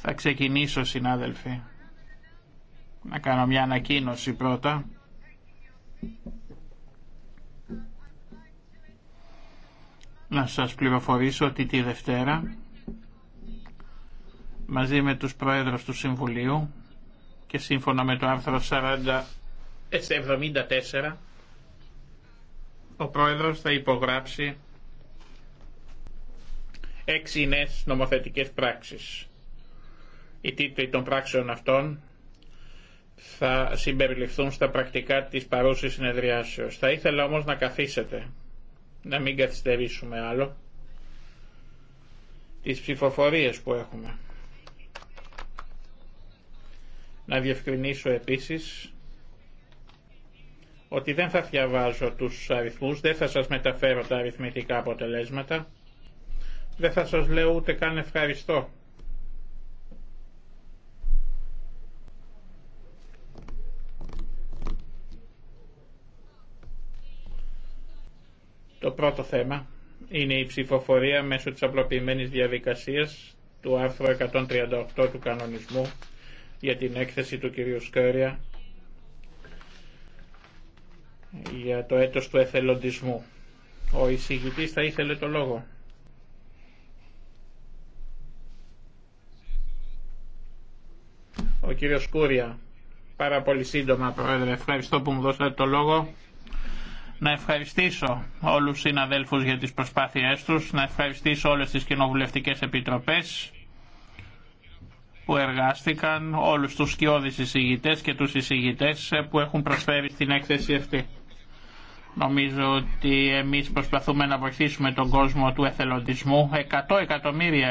Θα ξεκινήσω, συνάδελφοι. Να κάνω μια ανακοίνωση πρώτα. Να σας πληροφορήσω ότι τη Δευτέρα μαζί με τους Πρόεδρους του Συμβουλίου και σύμφωνα με το άρθρο 40 74 ο Πρόεδρος θα υπογράψει έξι νέες νομοθετικές πράξεις. Οι τίτλοι των πράξεων αυτών θα συμπεριληφθούν στα πρακτικά της παρούσης συνεδριάσεως. Θα ήθελα όμως να καθίσετε, να μην καθυστερήσουμε άλλο, τις ψηφοφορίες που έχουμε. Να διευκρινίσω επίσης ότι δεν θα διαβάζω τους αριθμούς, δεν θα σας μεταφέρω τα αριθμητικά αποτελέσματα, δεν θα σας λέω ούτε καν ευχαριστώ. Το πρώτο θέμα είναι η ψηφοφορία μέσω της απλοποιημένης διαδικασίας του άρθρου 138 του κανονισμού για την έκθεση του κυρίου Σκέρια για το έτος του εθελοντισμού. Ο εισηγητής θα ήθελε το λόγο. Ο κύριος Κούρια. Πάρα πολύ σύντομα, Πρόεδρε. Ευχαριστώ που μου δώσατε το λόγο. Να ευχαριστήσω όλους του συναδέλφους για τις προσπάθειές τους, να ευχαριστήσω όλες τις κοινοβουλευτικές επιτροπές που εργάστηκαν, όλους τους σκιώδεις εισηγητές και τους εισηγητές που έχουν προσφέρει στην έκθεση αυτή. Νομίζω ότι εμείς προσπαθούμε να βοηθήσουμε τον κόσμο του εθελοντισμού. 100 εκατομμύρια